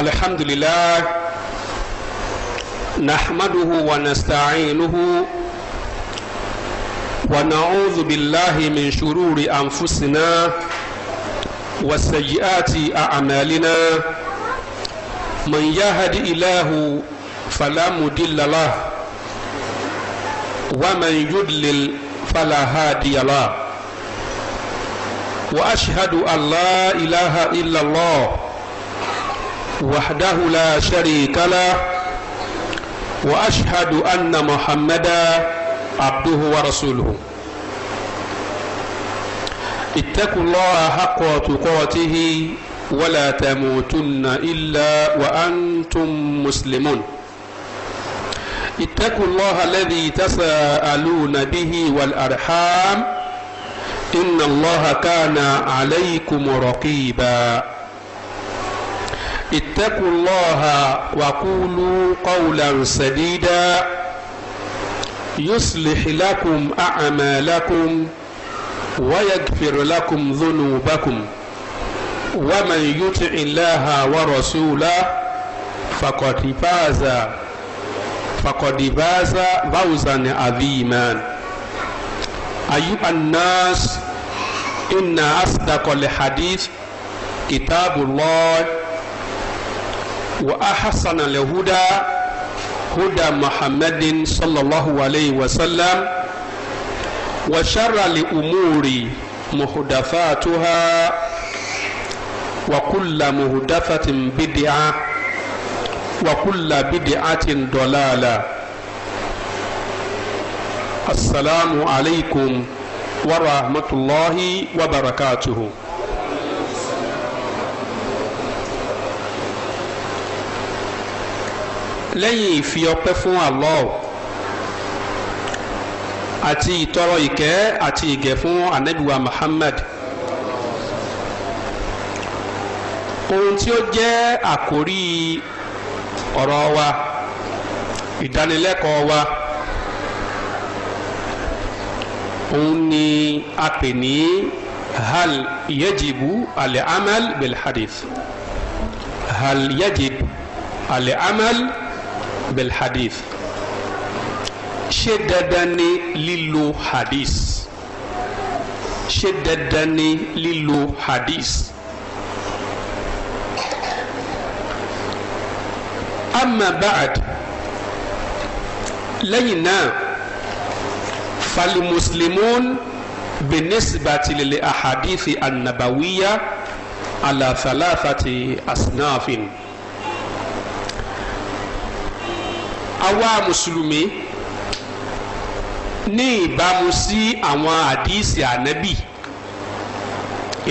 الحمد لله نحمده ونستعينه ونعوذ بالله من شرور أنفسنا وسيئات أعمالنا من يهد الله فلا مضل له ومن يضلل فلا هادي له وأشهد أن لا إله إلا الله وحده لا شريك له واشهد ان محمدا عبده ورسوله اتقوا الله حق تقاته ولا تموتن الا وانتم مسلمون اتقوا الله الذي تساءلون به والارحام ان الله كان عليكم رقيبا اتقوا الله وقولوا قولا سديدا يصلح لكم أعمالكم ويغفر لكم ذنوبكم ومن يطع الله ورسوله فقد فاز فقد فاز فوزا عظيما أيها الناس إن أصدق الحديث كتاب الله وأحسن الهدى هدى محمد صلى الله عليه وسلم وشر الأمور محدثاتها وكل محدثة بدعة وكل بدعة ضلالة السلام عليكم ورحمة الله وبركاته lẹ́yìn ìfi ọpẹ́ fún Allah àti ìtọrọ ìkẹ́ àti ìgẹ̀ fún anabiwa Muhammad ohun tí ó jẹ́ àkórí ọ̀rọ̀ wa ìdánilẹ́kọ̀ọ́ wa òun ni a pè ní hal yajibu al-amal bil hal yajibu al-amal. بالحديث شددني للو حديث شددني للو حديث أما بعد لينا فالمسلمون بالنسبة للأحاديث النبوية على ثلاثة أصناف àwa mùsùlùmí ní ìbámu sí àwọn àdìsí ànábì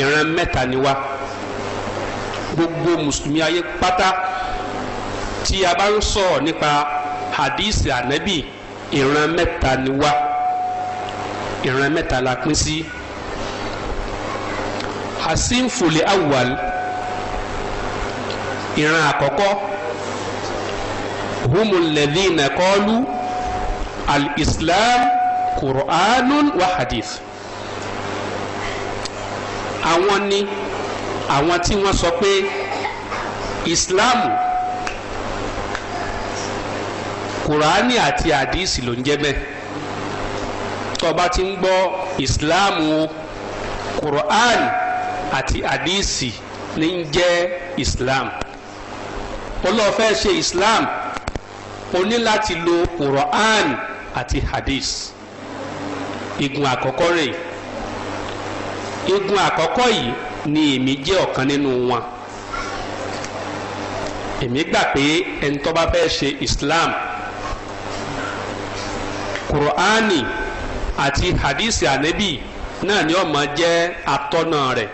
ìran mẹ́ta ni wá gbogbo mùsùlùmí ayé pátá tí a bá ń sọ̀rọ̀ nípa àdìsí ànábì ìran mẹ́ta ni wá ìran mẹ́ta la pín sí asinfuli awal ìran àkọ́kọ́. هم الذين قالوا الإسلام islam وحديث wa hadith àwọn ni àwọn tí wọ́n sọ pé islam kùránì àti àdìsí ló ń jẹ́ bẹ́ẹ̀ tó bá ti ń gbọ́ islam o àti àdìsí ní ń jẹ́ islam ó lọ́ọ́ fẹ́ islam o ní láti lo quran àti hadith igun àkọ́kọ́ rè igun àkọ́kọ́ yìí ni èmi jẹ́ ọ̀kan nínú wọn èmi gbà pé ẹni tó bá fẹ́ ṣe islam kùrọ̀ánì àti hadith anabi náà ni ó máa jẹ́ atọ́nà rẹ̀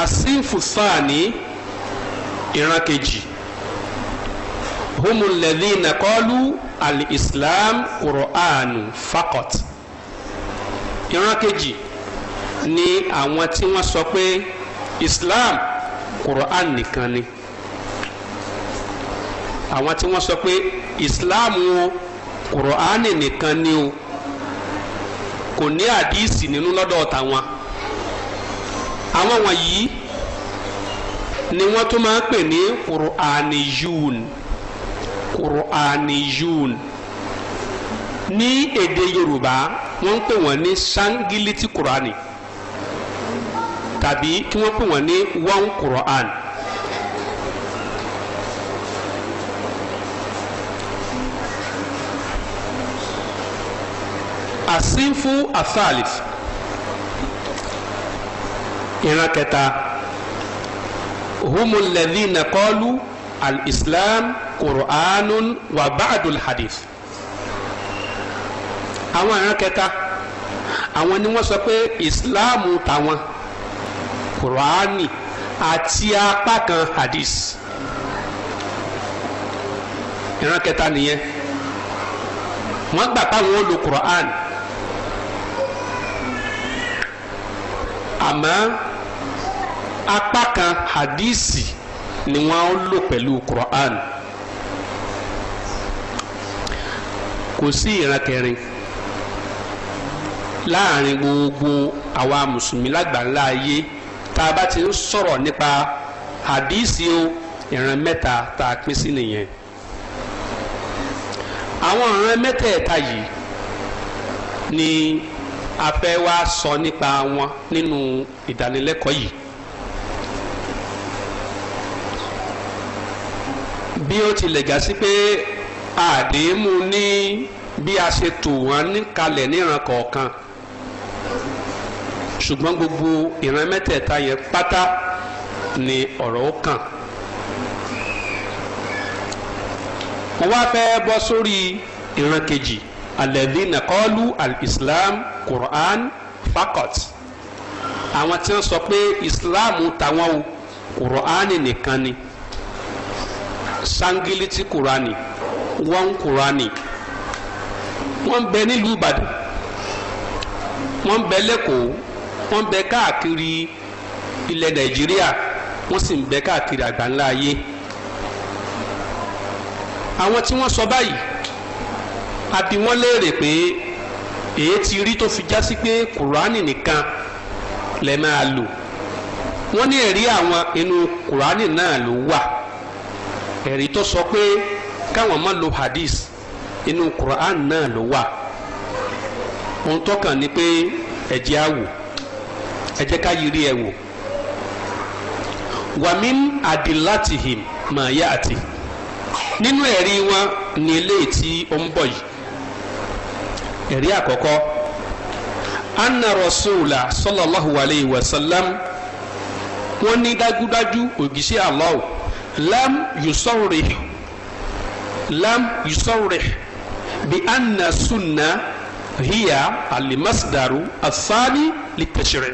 asínfùsàní. ìran kejì humul ladhina qalu al-islam qur'anu faqat ìran kejì ni àwọn tí wọ́n sọ pé islam qur'an nìkan ni àwọn tí wọ́n sọ pé islam o qur'an nìkan ni o kò ní àdíìsì nínú lọ́dọ̀ tàwọn àwọn wọ̀nyí ni wọ́n tún máa ń pè ní quraniyun quraniyun ní èdè yorùbá wọ́n ń pè wọ́n ní sangiliti qurani tàbí kí wọ́n pè wọ́n ní one quran. asinfu athalif ìran kẹta. هم الذين قالوا الإسلام islam وبعد الحديث. ba'dul hadith àwọn ìran kẹta àwọn ni wọ́n sọ pé islam tàwọn qur'ani àti apá kan hadith ìran kẹta nìyẹn wọ́n gbà páwọn ó lo qur'an àmọ́ apá kan hadisi ni wọ́n lò pẹ̀lú Quran kò sí ìran kẹrin láàrin gbogbo àwa mùsùlùmí lágbàńlá ayé tá a bá ti ń sọ̀rọ̀ nípa hadisi o ìran mẹ́ta tá a pín sí nìyẹn àwọn ìran mẹ́tẹ̀ẹ̀ta yìí ni a fẹ́ wá sọ nípa wọn nínú ìdánilẹ́kọ̀ọ́ yìí bí ó tilẹ̀ gà sí pé àdéhùn ní bí a ṣe tò wọ́n níkalẹ̀ níran kọ̀ọ̀kan ṣùgbọ́n gbogbo ìran mẹ́tẹ̀ẹ̀ta yẹn pátá ni ọ̀rọ̀ ó kàn. mo wá fẹ́ bọ́ sórí ìran kejì alẹ́bí nàkọ́lù al-islam quran fakot àwọn tí wọ́n sọ pé islam tàwọn o quran nìkan ni. Kani sangiliti kurani wọn kurani wọ́n bẹ nílùú ìbàdàn wọ́n bẹ lẹ́kọ̀ọ́ wọ́n bẹ káàkiri ilẹ̀ nàìjíríà wọ́n sì ń bẹ káàkiri àgbáńlá ayé àwọn tí wọ́n sọ báyìí a bi léèrè pé èyí ti rí tó fi já pé kùránì nìkan lè máa lò wọ́n ní ẹ̀rí àwọn inú kùránì náà ló wà. ẹ̀rí tó sọ pé káwọn má lo hadith inú Quran náà ló wà ohun tó ni pé ẹ ká yiri ẹ wàmín adilatihim mà àti nínú ẹ̀rí wọn ni eléyìí tí ó ń bọ̀ yìí ẹ̀rí àkọ́kọ́ sallallahu alayhi wa sallam ní dájúdájú ògìṣẹ́ lam yusawrih lam yusawrih bi anna sunna hiya alimasdaru asani litashiri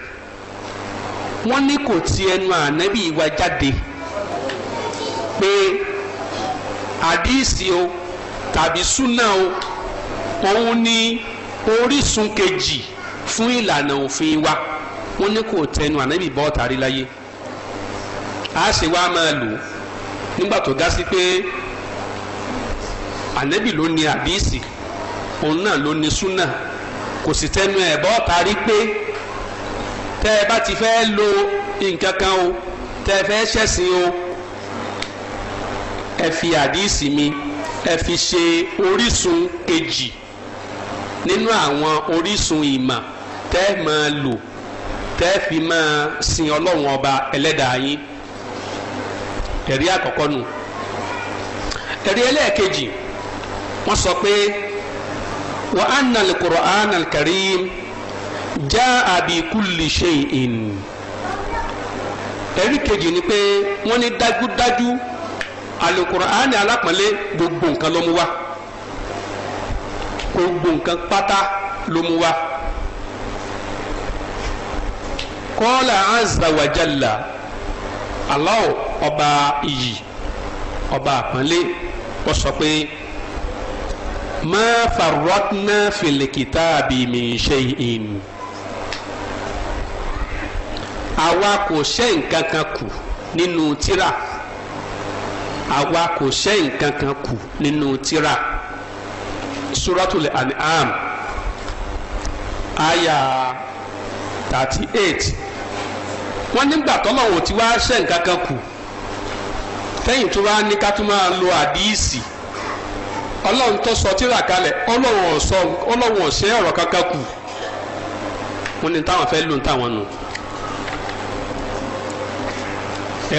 wọ́n ní kò ti ẹnu ànábì wa jáde pé àdíìsì o tàbí súnà o òun ni orísun kejì fún ìlànà òfin wa wọ́n ní kò tẹnu ànábì bọ́ọ̀tà rí láyé a sì wá máa lò ó nígbà tó dá sí pé ànẹ́bì ló ní àdíìsì òun náà ló ní súnà kò sì tẹnu ẹ̀ bọ́ parí pé tẹ́ ẹ bá ti fẹ́ lo nǹkan kan o tẹ́ ẹ fẹ́ ṣẹ̀sìn o ẹ fi àdíìsì mi ẹ fi ṣe orísun kejì nínú àwọn orísun ìmọ̀ tẹ́ ẹ máa lò tẹ́ ẹ fi máa sin ọlọ́run ọba ẹlẹ́dàá yín ẹ̀rí àkọ́kọ́ nù ẹ̀rí ẹlẹ́ẹ̀kejì wọ́n sọ pé wa anna al-Qur'an al-Karim jaa bi kulli shay'in ẹ̀rí kejì ni pé wọ́n ní dájúdájú al-Qur'an alápọ̀nlé gbogbo nǹkan ló mú wá gbogbo nǹkan pátá ló mú wá. qala azza wa ọba iyì ọba àpọ́nlé ó sọ pé ma farrotna fil kitabi min shay'in àwa kò ṣe nǹkan kan kù nínú tírà àwa kò ṣe nǹkan kan kù nínú tírà suratul an'am aya thirty eight wọ́n nígbà tọ́lọ́wọ́ tí wàá ṣe nǹkan kan kù. fẹ́yìn tó wá ní ká tún máa lo ọlọ́run tó sọ tíra kalẹ̀ ọlọ́run ọ̀sẹ̀ ọ̀rọ̀ kankan kù wọn ni táwọn fẹ́ lò ń táwọn nù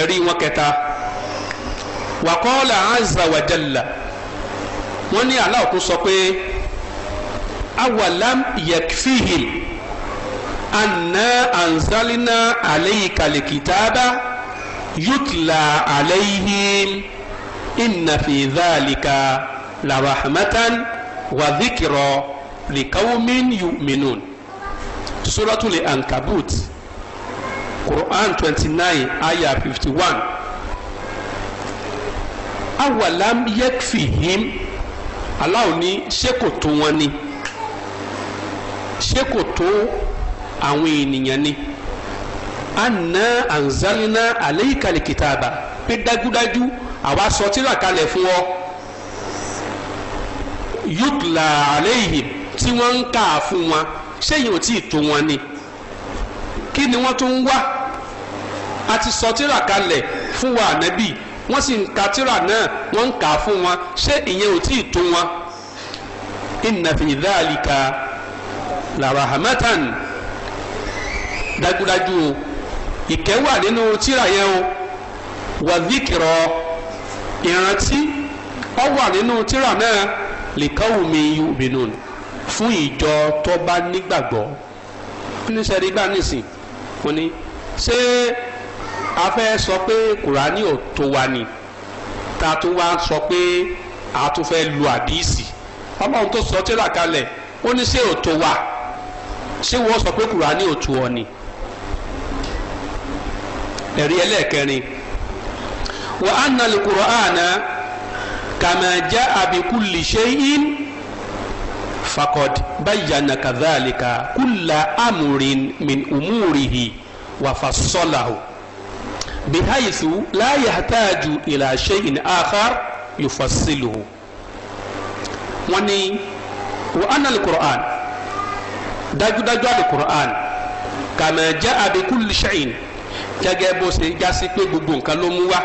ẹ̀rí wọn kẹta wàkọ́ọ̀lá azza wa wọn ní aláwọ̀ sọ pé yutla alayhim inna fi dhalika la rahmatan wa dhikra li qawmin yu'minun suratul ankabut quran twenty nine ayah fifty one awalam yekfihim aláwo ní ṣé kò tó wọn ni ṣé kò tó ni. Sheko anna anzalina aleikali kitaba pé dájúdájú àwa sọ tírà kalẹ̀ fún ọ yutla aleihim tí wọ́n ń kà á fún wọn ṣéyìn ò tí ì tó wọn ni kí ni wọ́n tún ń wá a ti sọ tírà kalẹ̀ fún wa ànábì wọ́n sì ń ka tírà náà wọ́n ń kà á fún wọn ṣé ìyẹn ò tí ì tó wọn inna fi dhalika la rahmatan dájúdájú o ìkẹ́ wà nínú tírà yẹn o wàdíkìrọ ìrántí ọ wà nínú tírà náà lìkọ́wùmí yu'minun fún ìjọ tó bá nígbàgbọ́ oníṣẹ́rí gbà nísìn mo ní ṣé a fẹ́ sọ pé kùránì ò tó wa ni ta tún wá sọ pé a tún fẹ́ lu àdíìsì ọlọ́run tó sọ tírà kalẹ̀ ó ní ṣé ò tó wa ṣé wọ́n sọ pé kùránì ò tó ọ ni ẹ̀rí ẹlẹ́ẹ̀kẹrin wa anna al-Qur'ana kama ja'a bi kulli shay'in faqad bayyana kadhalika kulla amrin min umurihi wa fassalahu bihaythu la yahtaju ila shay'in akhar yufassiluhu wọ́n ní wa anna al-Qur'an dájúdájú al-Qur'an kama ja'a bi kulli shay'in gẹ́gẹ́ bó ṣe já sí pé gbogbo nǹkan ló mú wá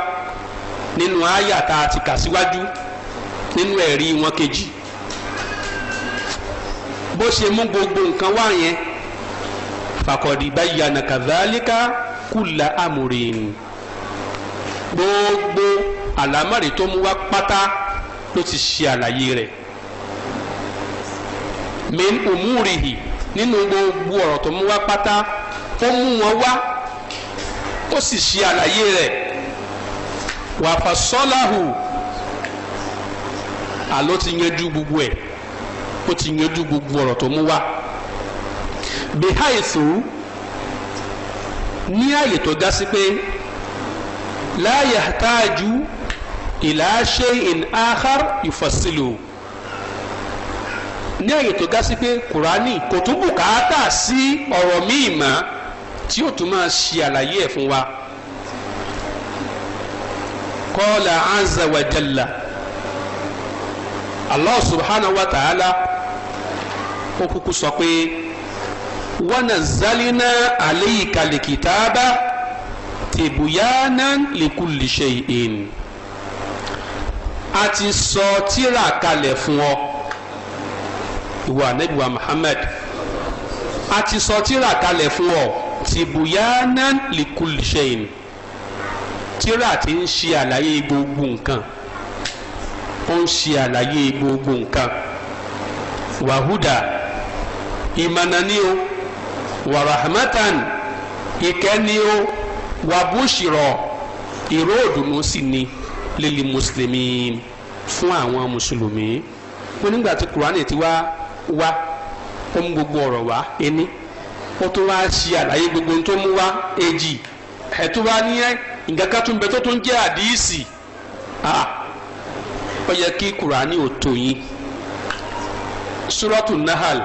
nínú àyà tá a ti kà síwájú nínú ẹ̀rí wọn kejì bó ṣe mú gbogbo nǹkan wá yẹn fàkọ̀dì bayyana kadhalika kulla amrin gbogbo àlámọ̀rì tó mú wá pátá ló ti ṣe àlàyé rẹ̀ min umurihi nínú gbogbo ọ̀rọ̀ tó mú wá pátá ó mú wọn wá ó sì ṣe àlàyé rẹ̀ wàfàsọ́láhù àló ti yanjú gbogbo ẹ̀ ó ti yanjú gbogbo ọ̀rọ̀ tó mú wá bihaisu ní àyè tó dá sí pé láyà táàjú ìlàṣẹ ìnáhàr ìfọ̀sílò ní àyè tó dá sí pé kùránì kò tún bùkátà sí ọ̀rọ̀ míì mọ́ tí ó tún máa ṣe àlàyé ẹ̀ fún wa kọ́lá azza wa jalla allah subhanahu wa ta'ala ó kúkú sọ pé wa nazzalna alayka likitaba tibyanan likulli shay'in a ti sọ tírà kalẹ̀ fún ọ ìwà anabiwa muhammad a ti sọ tírà kalẹ̀ fún ọ sibuyanan likulli shayin tíra ti ń ṣe àlàyé gbogbo nǹkan ó ń ṣe àlàyé gbogbo nǹkan wàhúdà ìmọ̀nàní o wàràhàmátàn ìkẹ́ni o wàbúṣirọ̀ ìró òdùnnú sì ni líli mùsùlùmí fún àwọn mùsùlùmí wọn nígbà tí kùránì ti wá wá ó mú gbogbo ọ̀rọ̀ wá ẹni. E ó tó wá ṣe àlàyé gbogbo tó mú wá èjì ẹ̀tọ́ wá ní nǹkan ká tún bẹ tó tún jẹ́ àdíìsì ó yẹ kí kùránì ò tó yín nahal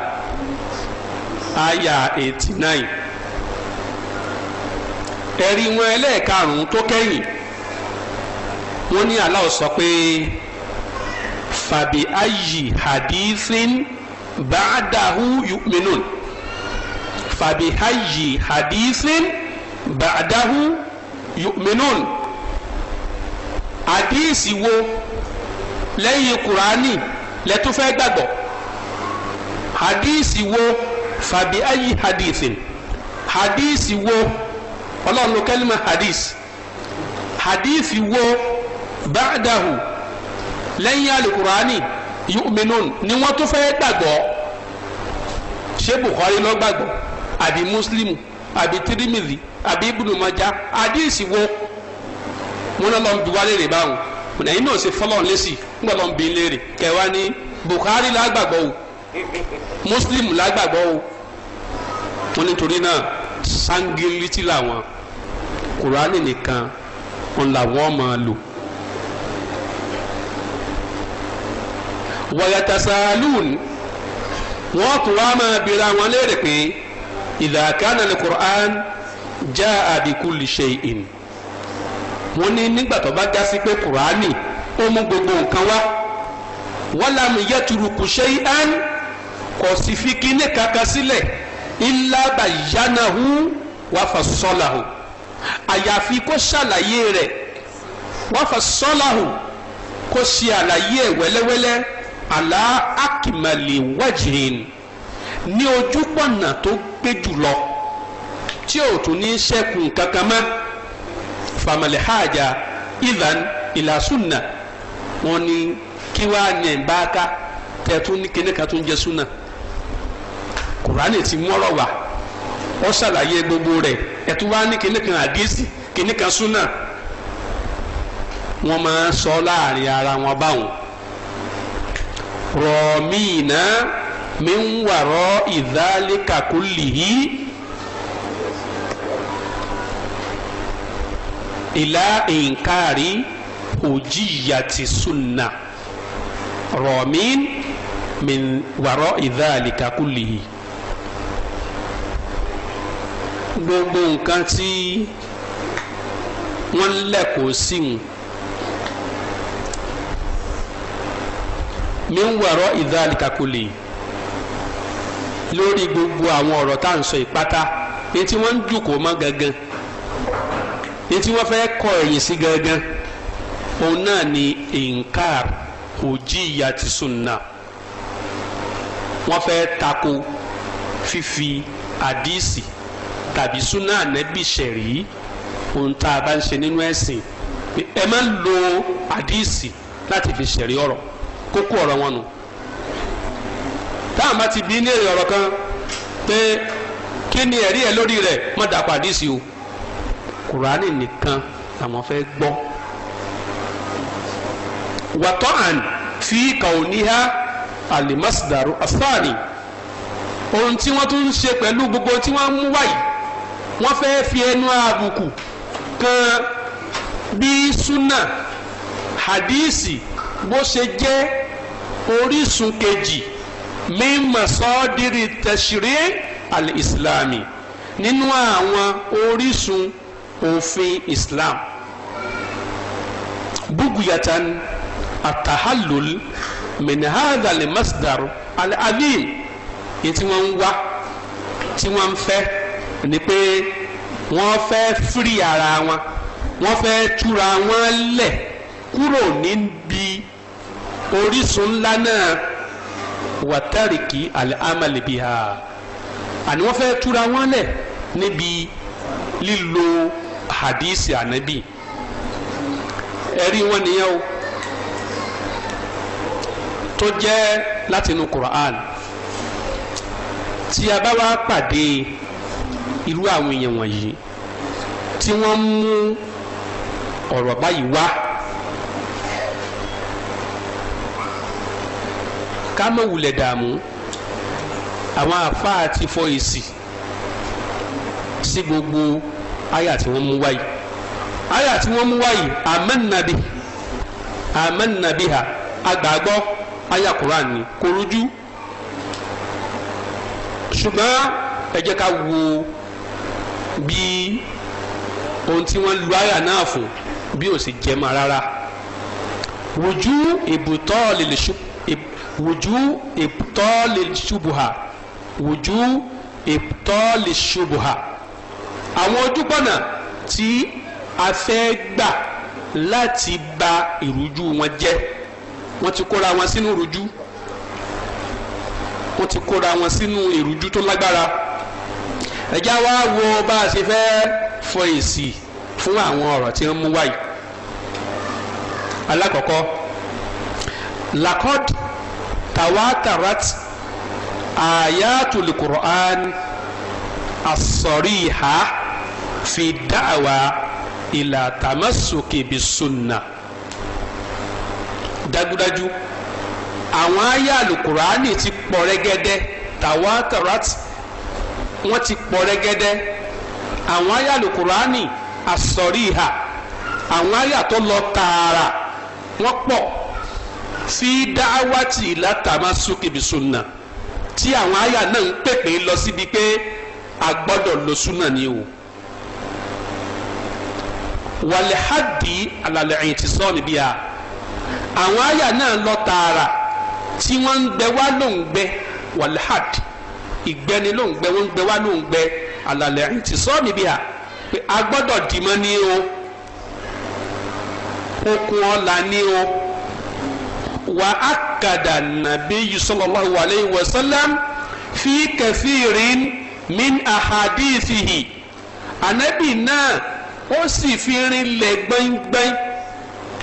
aya eighty nine ẹ̀rí wọn ẹlẹ́ẹ̀karùn-ún tó kẹ́yìn wọ́n ní aláwọ̀ sọ pé fàbí ayi hadithin fabihayi hadithin ba'dahu yu'minun hadisi wo lẹ́yìn kurani lẹ́tún fẹ́ gbàgbọ́ hadisi wo fabihayi hadithin hadisi wo ọlọ́run ló kẹ́lí mọ́ hadith hadith wo ba'dahu lẹ́yìn alukurani yu'minun ni wọ́n tún fẹ́ gbàgbọ́ ṣé bukhari ló gbàgbọ́ àbí muslim àbí tirimidi àbí ibùdómájà àdìsí wo wọn lọ ń bi wálé rè báwọn wọn náà yín náà ṣe fọlọ́n lẹ́sì ńgbà lọ́n bi léèrè kẹwàá ní bukhari lágbàgbọ́ o muslim lágbàgbọ́ o wọn nítorí náà sangiliti làwọn kurani nìkan ń làwọn máa lò. wàyàtàsálùn wọn tún wá máa bira wọn léèrè pé idha kana al-Qur'an jaa bi kulli shay'in wọ́n ní nígbà tó bá já sí pé kùránì ó mú gbogbo nǹkan wá walam yatruku shay'an kò sì fi kíní kankan sílẹ̀ illa bayyanahu wa fassalahu àyàfi kó ṣàlàyé rẹ̀ wa fassalahu kó ṣe àlàyé ẹ̀ wẹ́lẹ́wẹ́lẹ́ ala akmali ní ojúpọ̀nà tó gbé jùlọ tí o tún ní sẹ́kùn kankan mọ́ famali haja idan ilasunna wọn ni kí wàá yẹn bá tẹ̀tún ní tó ń jẹ́ sunna kùránì ti mọ́rọ̀ wá wọ́n ṣàlàyé gbogbo rẹ̀ ẹ̀tú wá ní kíní àdísì máa sọ láàrin ara wọn báwọn min wara'i dhalika kullihi ila inkari hujiyati sunna ramin min wara'i dhalika kullihi gbogbo nǹkan tí wọ́n lẹ́kọ̀ọ́ sí wọn. min wara'i dhalika kullihi lórí gbogbo àwọn ọ̀rọ̀ tá à ń sọ ìpátá èyí tí wọ́n ń jùkò mọ́ gangan èyí wọ́n fẹ́ kọ ẹ̀yìn sí gangan òun náà ni inkar òjì ìyá ti sunna wọ́n fẹ́ tako fífi àdíìsì tàbí sunna ànẹ́bì ṣẹ̀rí ohun tá a bá ń ṣe nínú ẹ̀sìn ẹ má lo àdíìsì láti fi ṣẹ̀rí ọ̀rọ̀ kókó ọ̀rọ̀ wọn nù. No táwọn bá ti bí ní èrè ọ̀rọ̀ kan pé kí ni ẹ̀rí ẹ̀ lórí rẹ̀ mọ̀ dàpọ̀ àdìsí o kùránì nìkan làwọn fẹ́ gbọ́ wàtọ́ àn fi kàóníhà alimasidaru asaani ohun tí wọ́n tún ń ṣe pẹ̀lú gbogbo tí wọ́n mú wáyé wọ́n fẹ́ fi ẹnu àbùkù kan bí sunna hadisi bó ṣe jẹ́ orísun kejì min masọ́dírì tẹ̀sírí alìsílámì nínú àwọn orísun òfin islam buguyatan atahalul min hadha al masdar al adim èyí tí wọ́n ń wá tí wọ́n ń fẹ́ ni pé wọ́n fẹ́ firi ara wọn wọ́n fẹ́ túra wọn lẹ̀ kúrò níbi orísun ńlá náà wàtárìkì al-amali biha àní wọ́n fẹ́ túra wọn lẹ̀ níbi lílo hadisi ànábì ẹ̀rí wọn nìyẹn o tó jẹ́ látinú Qur'an tí a bá wá pàdé irú àwọn èèyàn wọ̀nyí tí wọ́n mú ọ̀rọ̀ báyìí wá. Kama má wulẹ̀ dààmú àwọn àfáà ti fọ èsì sí gbogbo àyà tí wọ́n mú wáyé àyà tí wọ́n mú wáyé àmẹ́nàbí àmẹ́nàbí ha agbàgbọ́ àyà Qur'an ni kò rújú ṣùgbọ́n ẹ jẹ́ ká wo bí ohun tí wọ́n lu àyà náà fún bí ó sì jẹ́ mọ́ rárá wojú ìbùtọ́ lè lè ṣùkú wùjú ìtọ́lì ṣubuha wùjú ìtọ́lì ṣubuha àwọn ojúbọ̀nà tí a fẹ́ gbà láti ba ìrújú wọn jẹ́ wọ́n ti kóra wọn sínú ìrújú wọ́n ti kóra wọn sínú ìrújú tó lágbára ẹ̀já wa wo bá a ṣe fẹ́ fọ èsì fún àwọn ọ̀rọ̀ tí wọ́n mú wáyé alákọ̀ọ́kọ́ lakod tawatarat ayatul qur'an asọ̀ríha fi dáàwá ìlà tàmásùkè bí sunna dájúdájú àwọn àyà alukurani ti pọ̀ rẹ́gẹ́dẹ́ tawatarat wọ́n ti pọ̀ rẹ́gẹ́dẹ́ àwọn àyà alukurani asọ̀ríha àwọn àyà tó lọ tààrà wọ́n pọ̀ sí dáwàtì látàmá sókèbí sunna tí àwọn àyà náà ń pèpè lọ síbi pé a gbọ́dọ̀ lo sunna ni o wàlẹ́hàdì àlàlẹ́ ẹ̀yìn ti sọ́ọ̀ níbí a àwọn àyà náà lọ tààrà tí wọn ń gbẹ wá ló ń gbẹ wàlẹ́hàdì ìgbẹ́ni ló ń gbẹ wọn ń gbẹ wá ló ń gbẹ àlàlẹ́ ẹ̀yìn ti sọ́ọ̀ a pé a ni o okun ọ̀la ni o. wa النبي صلى الله عليه وسلم في كثير من أحاديثه ahadithihi anabi náà ó sì fi rinlẹ̀ gbẹ́ngbẹ́ng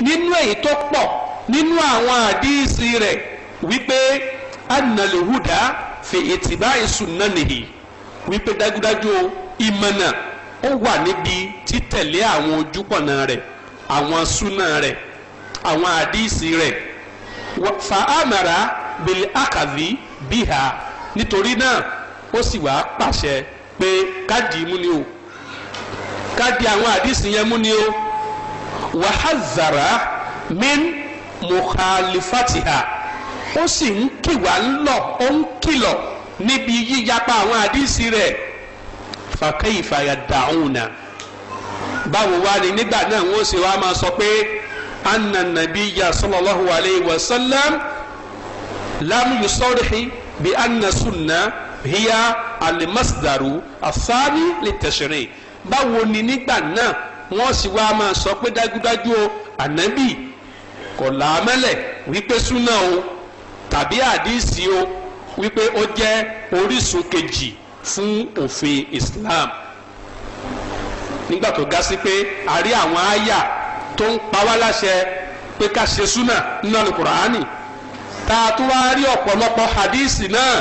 nínú èyí tó pọ̀ nínú àwọn àdíìsì rẹ̀ wípé annalhuda fi itibai sunnanihi wípé dájúdájú ìmọ̀nà ó wà níbi títẹ̀lé àwọn ojúpọ̀nà rẹ̀ àwọn súnà rẹ̀ àwọn àdíìsì rẹ̀ fa amara bil akavi biha nítorí náà ó sì wá pàṣẹ pé káàdì mú ni o káàdì àwọn àdìsí yẹn mú ni o wàhazara min mukhalifatiha ó sì ń kì wá ń lọ ó ń kìlọ̀ níbi yíyapa àwọn àdìsí una fàkẹ́yìfàyà dàhùn báwo wá ni nígbà náà wọ́n ṣe wá máa sọ pé. أن النبي صلى الله عليه وسلم لم يصرح بأن السنة هي المصدر alimasdaru asani litashiri báwo ni nígbà náà wọ́n sì wá máa sọ pé dájúdájú o ànábì kò làámẹ́lẹ̀ wípé súnà o tàbí àdìsí o wípé ó jẹ́ orísun kejì fún òfin Islam nígbà tó ga sí pé a rí àwọn àyà tó ń pa wá láṣẹ pé ká ṣe súnà nínú alukur'ani tá ọ̀pọ̀lọpọ̀ hadísì náà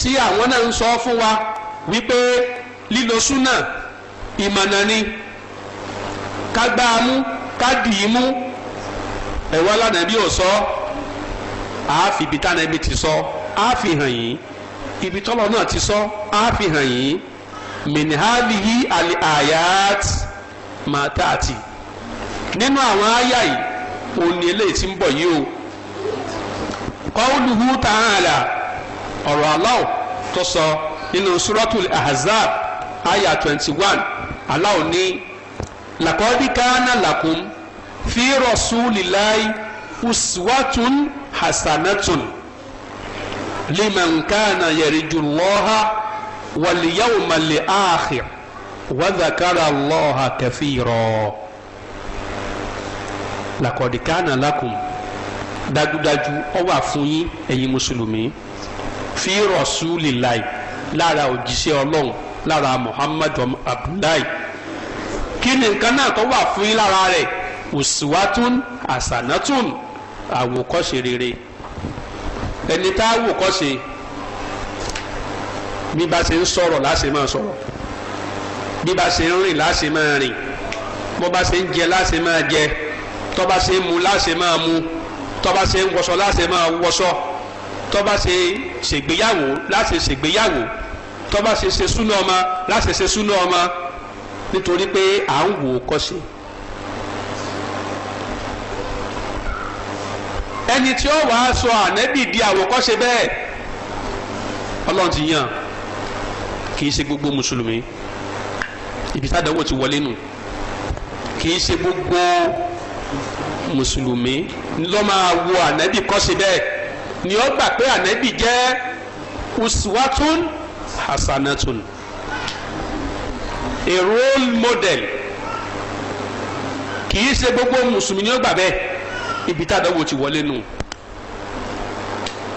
tí àwọn náà ń sọ fún wa wípé lílo súnà ìmọ̀nà ni ká gbá a mú ká dì í mú ẹ̀wọ́n lánàá bí ò sọ àáfi ibi tánà ibi ti sọ àáfi hàn yín ibi tọ́lọ̀ náà ti sọ àáfi hàn yín minhalihi ali ayat matati nínú àwọn àyà yìí òun ni eléyìí ti ń bọ̀ yìí o qawluhu ta'ala ọ̀rọ̀ Allah tó sọ nínú suratul ahzab àyà twenty one Allah ní laqad kana lakum fi rasulillahi uswatun hasanatun liman kana yarjullaha wal yawmal akhir wa làkọ̀dìkánà lakum dájúdájú ó wà fún yín ẹ̀yin mùsùlùmí fi rasulillahi lára òjíṣẹ́ ọlọ́run lára muhammad abdullahi kí ni nǹkan náà tó wà fún yín lára rẹ̀ uswatun asanatun, àwòkọ́ṣe rere ẹni tá a wòkọ́ṣe bí bá ṣe ń sọ̀rọ̀ láṣẹ máa sọ̀rọ̀ bí bá ṣe ń rìn láṣẹ máa rìn bó bá ṣe ń jẹ láṣẹ máa jẹ tọ́ba ṣe ń mu láṣẹ máa mu tọ́ba ṣe ń wọṣọ láṣẹ máa wọṣọ tọ́ba ṣe ṣègbéyàwó láṣẹ ṣègbéyàwó tọ́ba ṣe ṣe súná ọmọ láṣẹ ṣe súná ọmọ nítorí pé à ń wò ó ẹni tí ó wàá sọ ànẹ́bì di àwòkọ́ṣe bẹ́ẹ̀ ọlọ́run ti yàn kì í ṣe gbogbo mùsùlùmí ibi sádàwọ̀ ti wọlé nù kì í ṣe gbogbo mùsùlùmí ló máa wo ànábì kọ́ bẹ́ẹ̀ ni ó gbà pé ànábì jẹ́ uswatun hasanatun a role model kì í ṣe gbogbo mùsùlùmí ni ó gbà bẹ́ẹ̀ ibi tí àdánwò ti wọlé nù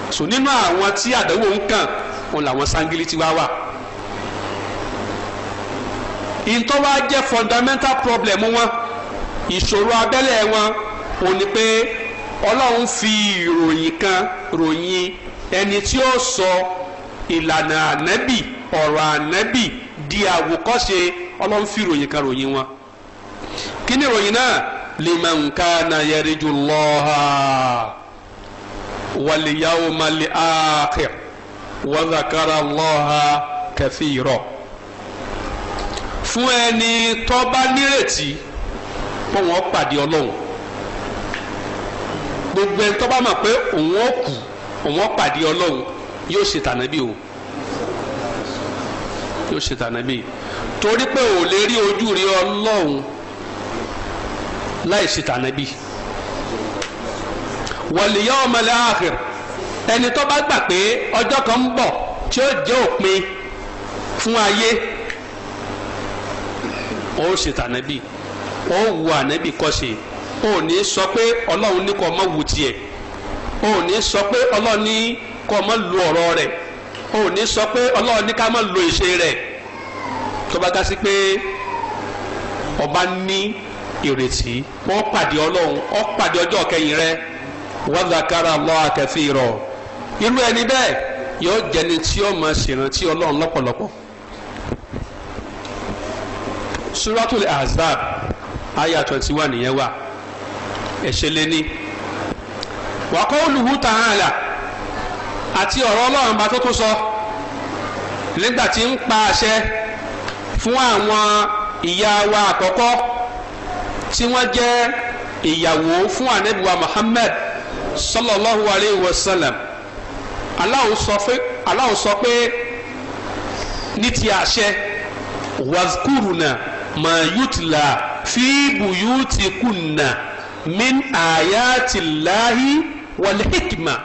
so nínú àwọn tí àdánwò ń kàn òun làwọn sangili ti wá wà ìtọ́wá jẹ́ fundamental problem wọn ìṣòro abẹ́lẹ̀ wọn òun ni pé ọlọ́run fi ìròyìn kan ròyìn ẹni tí ó sọ ìlànà ọ̀rọ̀ di àwòkọ́ṣe ọlọ́run fi ìròyìn kan ròyìn wọn kí ni ìròyìn náà liman kana yarju Allaha wal yawmal akhir wa dhakara Allaha kathira fún ẹni tó bá nírètí pàdé ọlọ́run gbogbo ẹni tó bá mọ̀ pé òun ó kú òun ó pàdé ọlọ́run yóò ṣe tànàbí o yóò ṣe tànàbí torí pé ò lè rí ojú rí ọlọ́run láì ṣe tànàbí wọ̀lìyá ọmọlẹ́ àhìr ẹni tó bá gbà pé ọjọ́ kan ń bọ̀ tí ó jẹ́ òpin fún ayé ó ṣe tànàbí ó wu ànábì kọ́ ṣe o ò ní sọ pé ọlọ́run ní kó má wù tiẹ̀ o ò ní sọ pé ọlọ́run ní kó má lu ọ̀rọ̀ rẹ̀ o ò ní sọ pé ọlọ́run ní ká má lo ìṣe rẹ̀ tó bá dásí pé ọba ní ìrètí wọ́n pàdé ọlọ́run ó pàdé ọjọ́ kẹyìn rẹ̀ wọ́n zakara Allaha kathira irú ẹni bẹ́ẹ̀ yóò jẹni tí ó máa ṣèrántí ọlọ́run lọ́pọ̀lọpọ̀ suratul ahzab aya twenty one yẹn wà ẹ̀ṣẹ̀ lé ní. wa qawluhu ta'ala àti ọ̀rọ̀ ọlọ́run bá tó tún sọ nígbà tí ń pa àṣẹ fún àwọn ìyá wa àkọ́kọ́ tí wọ́n jẹ́ ìyàwó fún anabiwa Muhammad sallallahu alayhi wa sallam aláwo sọ pé ní ti àṣẹ wazkuruna ma yutla min ayati llahi wal hikma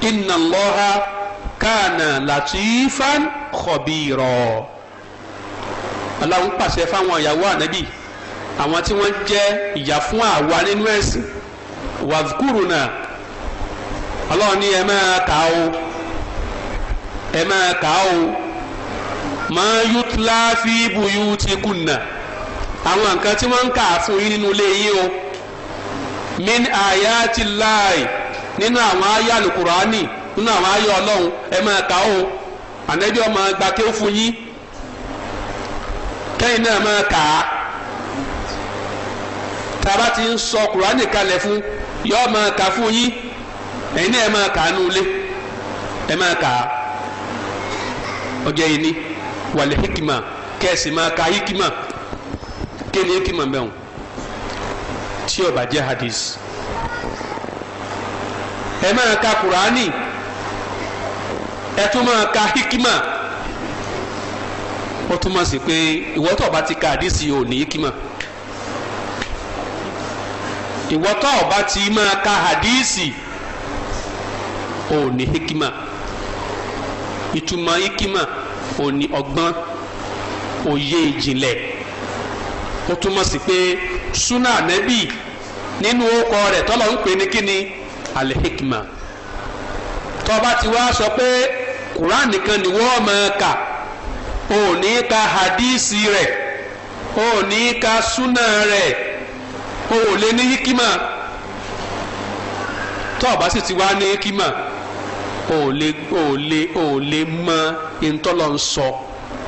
inna allaha kana latifan khabira Allah ń pàṣẹ fáwọn ìyàwó ànábì àwọn tí wọ́n jẹ́ ìyá fún àwa nínú ẹ̀sìn wàzkúrúnà Allah ní ẹ máa kà ó ẹ máa kà ó máa yútláfí buyutikunna àwọn nǹkan tí wọ́n ń kà fún yín nínú ilé yín o min ayati lai nínú àwọn aya alukurani nínú àwọn aya ọlọ́run ẹ máa kà ó ànábì ọmọ gbàké fún yín kẹ́yìn náà máa kà á tàbá ti ń sọ kurani kalẹ̀ fún yọ máa kà fún yín ẹ̀yin náà máa kà á nulẹ̀ ẹ máa kà á ọjọ́ yìí ni wàlẹ̀ hikima kẹ́sì máa ka hikima kí ni hikima bẹ́ẹ̀ o tí ó bá jẹ́ hadith ẹ máa ka kùránì ẹ tún máa ka hikima ó túmọ̀ sí pé ìwọ tó bá ti ka hadith yìí ò ní hikima ìwọ tó ti máa ka hadith ò ní hikima ìtumọ̀ hikima ò ní ọgbọ́n òye ìjìnlẹ̀ ó túmọ̀ sí pé súnà nẹ́bì nínú orúkọ rẹ̀ tọ́lọ̀ ń pè ní kíni alihikima tọ́ba ti wá sọ pé Quran nìkan ni wọ́n máa kà ò ní ka hadísì rẹ̀ ò ní ka súnà rẹ̀ ò lè ní hikima tọ́ọ̀bá sì ti wá ní hikima ò lè ò lè ò lè mọ ìtọ́lọ́ ń sọ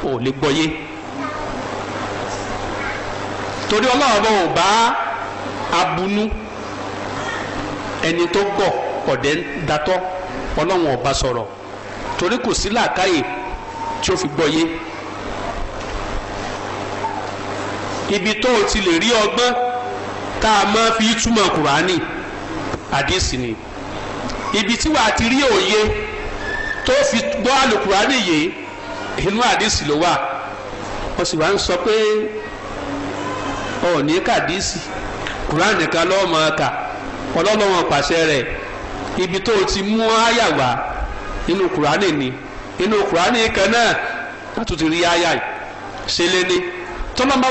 ò lè gbọ́yé. So, torí ọlọ́run bá ò bá abunú ẹni tó gọ̀ ọ̀dẹ́ datọ́ ọlọ́run ọba sọ̀rọ̀ torí kò sí làákàyè tí ó fi gbọ́ yé ibi tó o ti lè rí ọgbọ́n tá a máa fi túmọ̀ kùránì àdìsí ni ibi tí wàá ti rí òye tó fi gbọ́ àlùkùránì yìí inú àdìsí ló wà wọ́n sì ń sọ pé. ọ̀ọ́ni kàdísì Quran nìkan lọ́ọ́ máa ọlọ́lọ́wọ́n pàṣẹ rẹ̀ ibi tó ti mú àyà wá inú Quran ni inú Quran kan náà ti rí àyà ṣe lé ní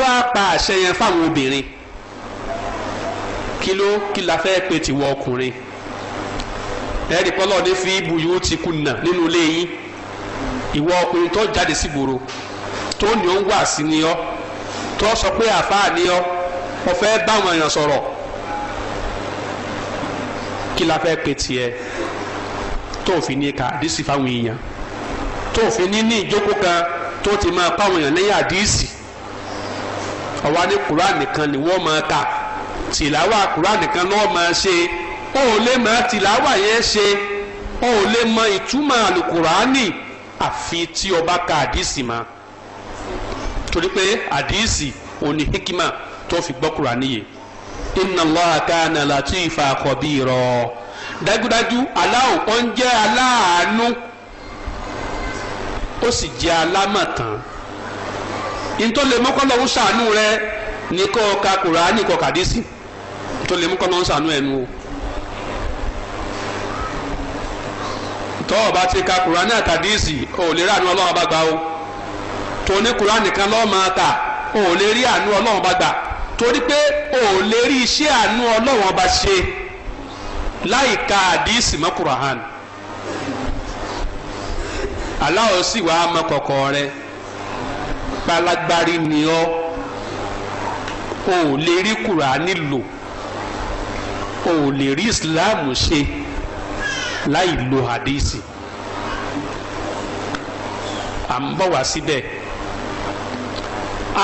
wá pa àṣẹ yẹn fáwọn obìnrin kí ló kí la fẹ́ pè ọkùnrin ẹ̀rí fi ti nínú ilé yín ìwọ ọkùnrin tó jáde tó ní ó ń wà sí tó sọ pé àfáà ni ọ mo fẹ́ báwọn èèyàn sọ̀rọ̀ kí la fẹ́ pe tiẹ̀ tó fi ní ka àdìsí fáwọn èèyàn tó fi ní ní ìjókòó kan tó ti máa báwọn èèyàn lẹ́yìn àdìsí ọ̀wá ní Quran nìkan ni wọ́n máa kà tìláwà Quran nìkan ni wọ́n máa ṣe ó lè mọ tìláwà yẹn ṣe ó lè mọ ìtumọ̀ àlùkùránì àfi tí o ka àdìsí máa. torí pé àdìsí òní hikima tó fi gbọ́ Kùránì yé inna Allah kana latifa khabira dájúdájú aláwò ó ń jẹ́ aláàánú ó sì jẹ́ alámọ̀tán ntọ́lẹ̀ sànú rẹ ní ka kọ́ kàdísì sànú ẹnu o. tọ́ ka ò lè ọlọ́wọ́ o. tó ní nìkan lọ́ọ́ máa ta ò lè rí àánú Ọlọ́run bá gbà torí pé ò lè rí iṣẹ́ àánú Ọlọ́run bá ṣe láì ka àdìsí mọ́ Quran aláwọ̀ sì wá mọ rẹ palagbari ni ọ́ ò lè rí Quran o ò lè rí islam ṣe láì lo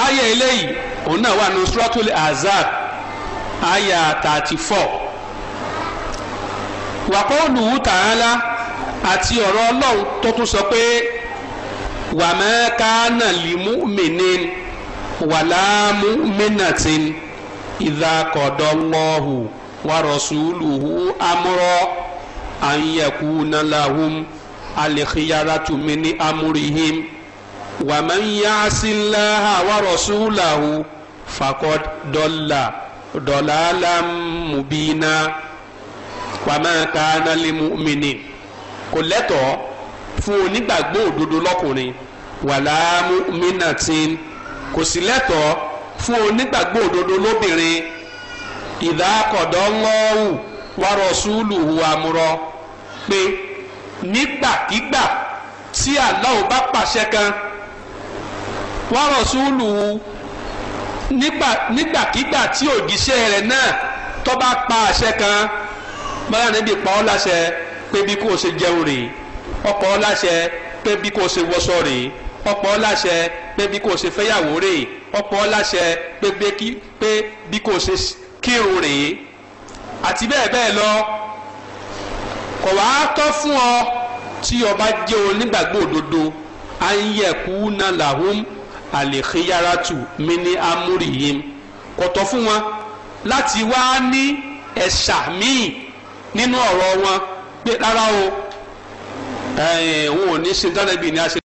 àyà eléyìí òun náà wà ní suratul azab àyà thirty four wàkọ́ọ̀lù tààlà àti ọ̀rọ̀ ọlọ́run tó tún sọ pé wàmẹ́kánà lìmúmìnì wàlámúmìnàtìn ìdákọ̀dọ́lọ́hù wàrọ̀sùlùhù amúrọ̀ àyẹ̀kú nàlàhùn àlèkíyàrá tùmí ní amúrìhìn wa man ya'si Allaha wa rasulahu faqad dalla dalalan mubina wa ma kana lil mu'minin kò lẹ́tọ̀ọ́ fún onígbàgbọ́ òdodo lọ́kùnrin wàlá mu'minatin kò sí lẹ́tọ̀ọ́ fún onígbàgbọ́ òdodo lóbìnrin idha qadallahu wa rasuluhu pé nígbàkigbà tí Allah bá pàṣẹ kan wa rasuluhu nígbàkígbà tí òjíṣẹ́ rẹ̀ náà tó bá pa àṣẹ kan bọ́lá níbi pa ọ́ láṣẹ pé bí kò ṣe jẹun rè ó pa ọ́ láṣẹ pé bí kò ṣe wọṣọ rè ó pa ọ́ láṣẹ pé bí kò ṣe fẹ́yàwó rè ó láṣẹ pé bí kò ṣe kírun rè àti bẹ́ẹ̀ bẹ́ẹ̀ lọ kò wá tọ́ fún ọ tí o jẹ́ onígbàgbọ́ òdodo ayẹ̀kú náà làwọn àlèkéyàrátù mini amúrìyìn kò tọ́ fún wọn láti wá ní ẹ̀ṣà míì nínú ọ̀rọ̀ wọn pé rárá o wọn ò ní ṣe dánilẹ́bí ni a